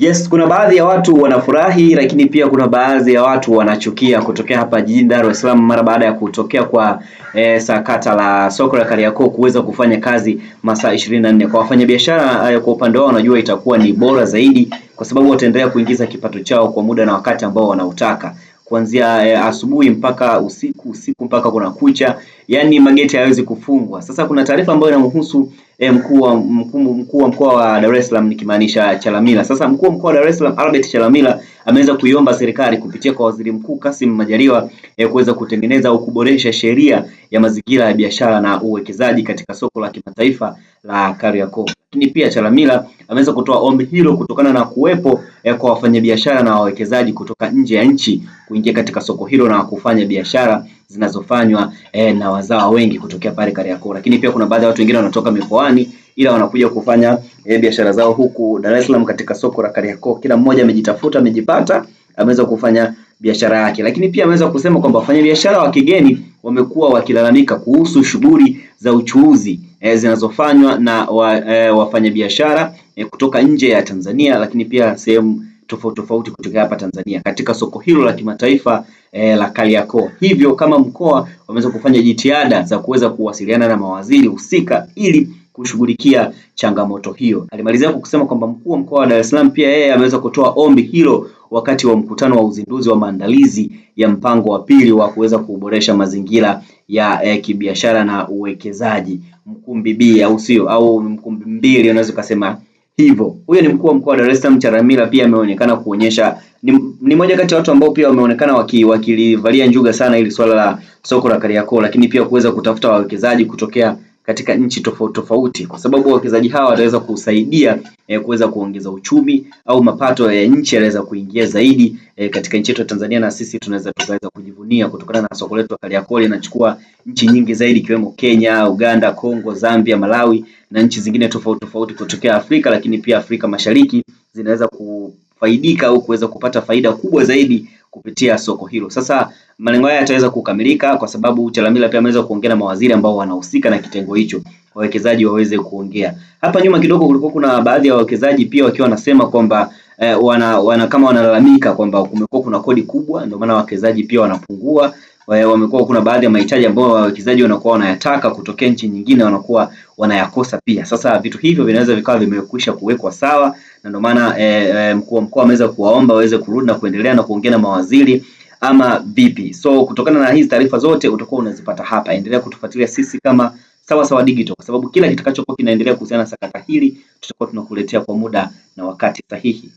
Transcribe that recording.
Yes, kuna baadhi ya watu wanafurahi, lakini pia kuna baadhi ya watu wanachukia kutokea hapa jijini Dar es Salaam mara baada ya kutokea kwa e, sakata la soko la Kariakoo kuweza kufanya kazi masaa 24. Kwa wafanyabiashara eh, kwa upande wao wanajua itakuwa ni bora zaidi, kwa sababu wataendelea kuingiza kipato chao kwa muda na wakati ambao wanautaka kuanzia e, asubuhi mpaka usiku, usiku mpaka kuna kucha yani mageti hayawezi kufungwa. Sasa kuna taarifa ambayo inamhusu eh, mkuu wa mkuu mkuu wa mkoa wa Dar es Salaam nikimaanisha Chalamila. Sasa mkuu wa mkoa wa Dar es Salaam Albert Chalamila ameweza kuiomba serikali kupitia kwa Waziri Mkuu Kassim Majaliwa eh, kuweza kutengeneza au kuboresha sheria ya mazingira ya biashara na uwekezaji katika soko la kimataifa la Kariakoo. Lakini pia Chalamila ameweza kutoa ombi hilo kutokana na kuwepo eh, kwa wafanyabiashara na wawekezaji kutoka nje ya nchi kuingia katika soko hilo na kufanya biashara zinazofanywa eh, na wazawa wengi kutokea pale Kariakoo, lakini pia kuna baadhi ya watu wengine wanatoka mikoani ila wanakuja kufanya eh, biashara zao huku Dar es Salaam katika soko la Kariakoo. Kila mmoja amejitafuta, amejipata, ameweza kufanya biashara yake, lakini pia ameweza kusema kwamba wafanyabiashara wa kigeni wamekuwa wakilalamika kuhusu shughuli za uchuuzi eh, zinazofanywa na wa, eh, wafanyabiashara eh, kutoka nje ya Tanzania, lakini pia sehemu tofauti tofauti kutoka hapa Tanzania katika soko hilo la kimataifa eh, la Kariakoo. Hivyo kama mkoa wameweza kufanya jitihada za kuweza kuwasiliana na mawaziri husika ili kushughulikia changamoto hiyo. Alimalizia kwa kusema kwamba mkuu wa mkoa wa Dar es Salaam pia yeye ameweza kutoa ombi hilo wakati wa mkutano wa uzinduzi wa maandalizi ya mpango wa pili wa kuweza kuboresha mazingira ya eh, kibiashara na uwekezaji Mkumbi B au sio, au Mkumbi mbili unaweza ukasema hivyo. Huyo ni mkuu wa mkoa wa Dar es Salaam Charamila, pia ameonekana kuonyesha ni, ni moja kati ya watu ambao pia wameonekana wakilivalia waki njuga sana ili swala la soko la Kariakoo, lakini pia kuweza kutafuta wawekezaji kutokea katika nchi tofauti tofauti, kwa sababu wawekezaji hawa wataweza kusaidia eh, kuweza kuongeza uchumi au mapato ya nchi yanaweza kuingia zaidi eh, katika nchi yetu ya Tanzania, na sisi tunaweza tukaweza kujivunia kutokana na soko letu la Kariakoo linachukua nchi nyingi zaidi ikiwemo Kenya, Uganda, Kongo, Zambia, Malawi na nchi zingine tofauti tofauti kutokea Afrika, lakini pia Afrika Mashariki zinaweza kufaidika au kuweza kupata faida kubwa zaidi kupitia soko hilo. Sasa malengo haya yataweza kukamilika kwa sababu Chalamila pia ameweza kuongea na mawaziri ambao wanahusika na kitengo hicho, wawekezaji waweze kuongea. Hapa nyuma kidogo kulikuwa kuna baadhi ya wawekezaji pia wakiwa wanasema kwamba eh, wana, wana kama wanalalamika kwamba kumekuwa kuna kodi kubwa, ndio maana wawekezaji pia wanapungua wamekuwa kuna baadhi ya mahitaji ambayo wawekezaji wanakuwa wanayataka kutokea nchi nyingine wanakuwa wanayakosa pia. Sasa vitu hivyo vinaweza vikawa vimekwisha kuwekwa sawa, na ndio maana e, mkuu wa mkoa ameweza kuwaomba waweze kurudi na kuendelea na kuongea na mawaziri ama vipi. So kutokana na hizi taarifa zote utakuwa unazipata hapa. Endelea kutufuatilia sisi kama Sawasawa Digital kwa sababu kila kitakachokuwa kinaendelea kuhusiana na sakata hili tutakuwa tunakuletea kwa muda na wakati sahihi.